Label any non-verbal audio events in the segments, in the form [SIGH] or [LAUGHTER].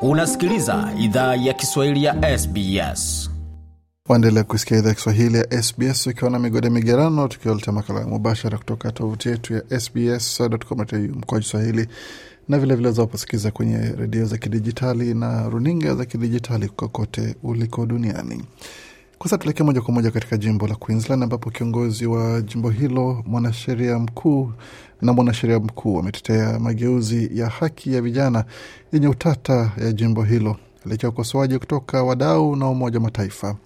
unasikiliza idhaa ya kiswahili ya sbs waendelea kusikia idhaa kiswahili ya sbs ukiwa na migode migerano tukiwaleta makala mubashara kutoka tovuti yetu ya sbscomau mkoaji swahili na vilevile zaposikiliza kwenye redio za kidijitali na runinga za kidijitali kokote uliko duniani kwanza tuelekee moja kwa moja katika jimbo la Queensland ambapo kiongozi wa jimbo hilo mwanasheria mkuu na mwanasheria mkuu wametetea mageuzi ya haki ya vijana yenye utata ya jimbo hilo licha ya ukosoaji kutoka wadau na Umoja wa Mataifa.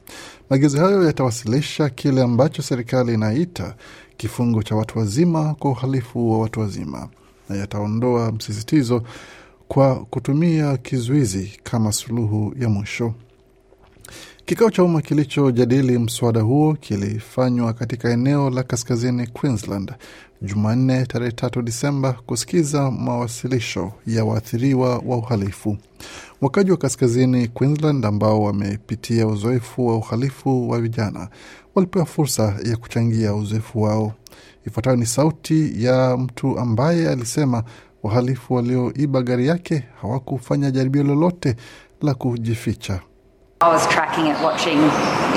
Mageuzi hayo yatawasilisha kile ambacho serikali inaita kifungo cha watu wazima kwa uhalifu wa watu wazima na yataondoa msisitizo kwa kutumia kizuizi kama suluhu ya mwisho. Kikao cha umma kilichojadili mswada huo kilifanywa katika eneo la kaskazini Queensland Jumanne tarehe tatu Disemba kusikiza mawasilisho ya waathiriwa wa uhalifu. Wakaji wa kaskazini Queensland ambao wamepitia uzoefu wa uhalifu wa vijana walipewa fursa ya kuchangia uzoefu wao. Ifuatayo ni sauti ya mtu ambaye alisema wahalifu walioiba gari yake hawakufanya jaribio lolote la kujificha. I was tracking it, watching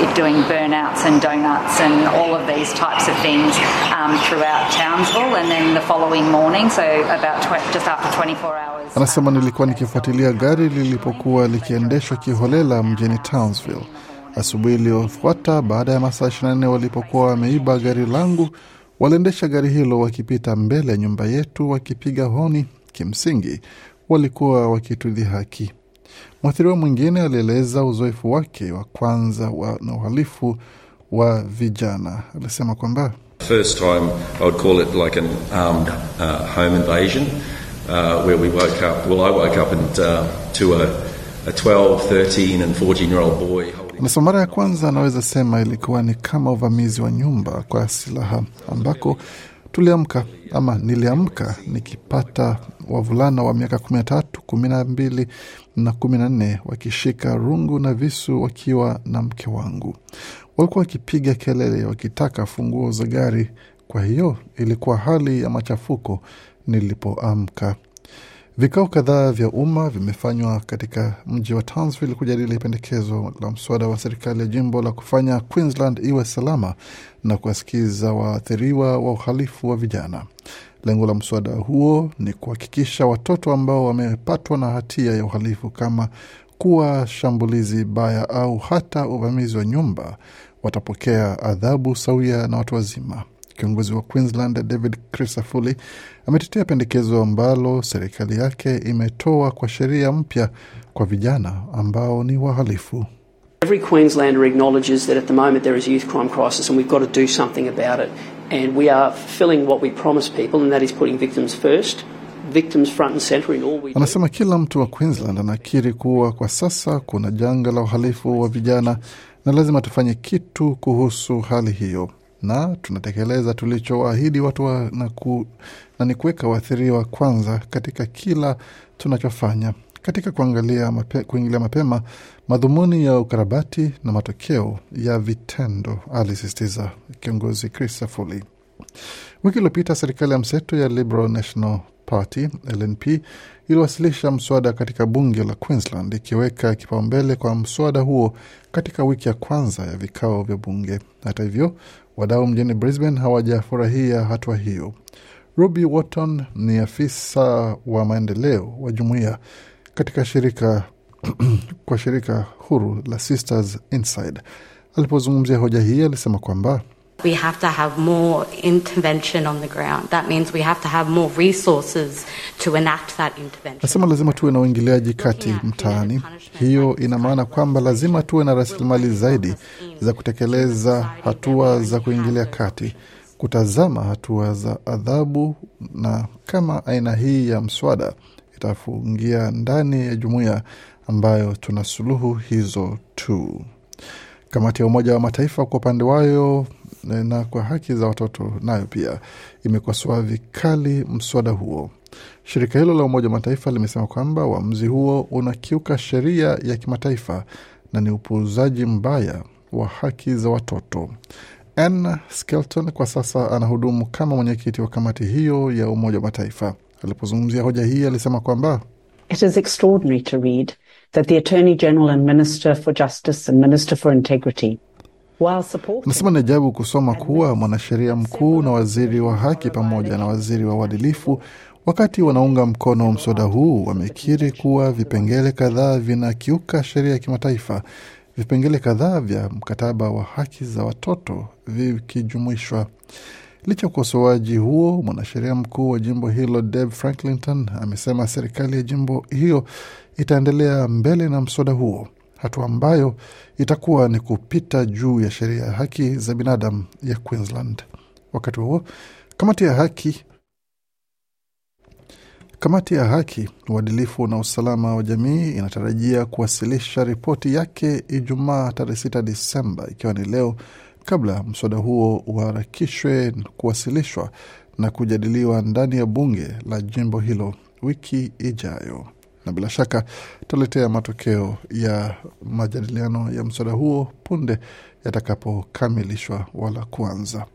it doing burnouts and donuts and all of these types of things um, throughout Townsville, and then the following morning, so about tw- just after 24 hours. Anasema um, nilikuwa nikifuatilia gari lilipokuwa likiendeshwa kiholela mjini Townsville asubuhi iliyofuata, baada ya masaa 24 walipokuwa wameiba gari langu, waliendesha gari hilo wakipita mbele ya nyumba yetu wakipiga honi. Kimsingi walikuwa wakitudhihaki haki Mwathiriwa mwingine alieleza uzoefu wake wa kwanza wa, na uhalifu wa vijana. Alisema kwamba Anasema mara ya kwanza anaweza sema ilikuwa ni kama uvamizi wa nyumba kwa silaha, ambako tuliamka ama niliamka nikipata wavulana wa miaka kumi na mbili na kumi na nne wakishika rungu na visu wakiwa na mke wangu. Walikuwa wakipiga kelele wakitaka funguo za gari. Kwa hiyo ilikuwa hali ya machafuko nilipoamka. Vikao kadhaa vya umma vimefanywa katika mji wa Townsville kujadili pendekezo la mswada wa serikali ya jimbo la kufanya Queensland iwe salama na kuwasikiza waathiriwa wa uhalifu wa vijana. Lengo la mswada huo ni kuhakikisha watoto ambao wamepatwa na hatia ya uhalifu kama kuwa shambulizi baya au hata uvamizi wa nyumba watapokea adhabu sawia na watu wazima. Kiongozi wa Queensland David Crisafulli ametetea pendekezo ambalo serikali yake imetoa kwa sheria mpya kwa vijana ambao ni wahalifu. Every Queenslander acknowledges that at the moment there is a youth crime crisis and we've got to do something about it and we are fulfilling what we promise people, and that is putting victims first. Victims front and center in all we Anasema kila mtu wa Queensland anakiri kuwa kwa sasa kuna janga la uhalifu wa vijana na lazima tufanye kitu kuhusu hali hiyo, na tunatekeleza tulichoahidi watu wa na, ku, na ni kuweka waathiriwa kwanza katika kila tunachofanya katika kuangalia mape, kuingilia mapema madhumuni ya ukarabati na matokeo ya vitendo, alisisitiza kiongozi Chris Wiki iliyopita serikali ya mseto ya Liberal National Party LNP iliwasilisha mswada katika bunge la Queensland ikiweka kipaumbele kwa mswada huo katika wiki ya kwanza ya vikao vya bunge. Hata hivyo, wadau mjini Brisbane hawajafurahia hatua hiyo. Ruby Wotton ni afisa wa maendeleo wa jumuiya katika shirika [CLEARS THROAT] kwa shirika huru la Sisters Inside. Alipozungumzia hoja hii, alisema kwamba We have to have more intervention on the ground. That means we have to have more resources to enact that intervention. Nasema lazima tuwe na uingiliaji kati mtaani. Hiyo ina maana kwamba lazima tuwe na rasilimali zaidi za kutekeleza hatua za kuingilia kati, kutazama hatua za adhabu na kama aina hii ya mswada itafungia ndani ya jumuiya ambayo tuna suluhu hizo tu. Kamati ya Umoja wa Mataifa kwa upande wayo e, na kwa haki za watoto nayo pia imekosoa vikali mswada huo. Shirika hilo la Umoja wa Mataifa limesema kwamba uamuzi huo unakiuka sheria ya kimataifa na ni upuuzaji mbaya wa haki za watoto. Anne Skelton kwa sasa anahudumu kama mwenyekiti wa kamati hiyo ya Umoja wa Mataifa. Alipozungumzia hoja hii, alisema kwamba It is extraordinary to read that the Attorney General and Minister for Justice and Minister for Integrity Anasema ni ajabu kusoma kuwa mwanasheria mkuu na waziri wa haki pamoja na waziri wa uadilifu, wakati wanaunga mkono mswada huu, wamekiri kuwa vipengele kadhaa vinakiuka sheria ya kimataifa, vipengele kadhaa vya mkataba wa haki za watoto vikijumuishwa. Licha ya ukosoaji huo, mwanasheria mkuu wa jimbo hilo Deb Franklinton amesema serikali ya jimbo hiyo itaendelea mbele na mswada huo, hatua ambayo itakuwa ni kupita juu ya sheria ya haki za binadamu ya Queensland. Wakati huo kamati ya haki Kamati ya haki, uadilifu na usalama wa jamii inatarajia kuwasilisha ripoti yake Ijumaa tarehe 6 Disemba, ikiwa ni leo kabla mswada huo uharakishwe kuwasilishwa na kujadiliwa ndani ya bunge la jimbo hilo wiki ijayo na bila shaka tutaletea matokeo ya majadiliano ya mswada huo punde yatakapokamilishwa wala kuanza.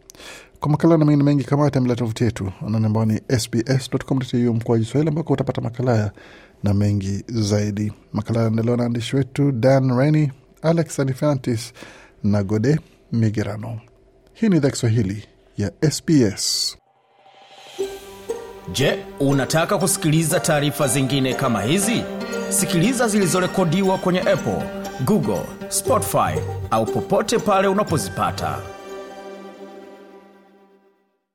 Kwa makala na mengine mengi kama tembelea tovuti yetu anani ambao ni sbscu mkoa jiswahili ambako utapata makala haya na mengi zaidi. Makala yanaendelewa na waandishi wetu Dan reny Alex Anifantis na Gode Migerano. Hii ni idhaa Kiswahili ya SBS. Je, unataka kusikiliza taarifa zingine kama hizi? Sikiliza zilizorekodiwa kwenye Apple, Google, Spotify au popote pale unapozipata.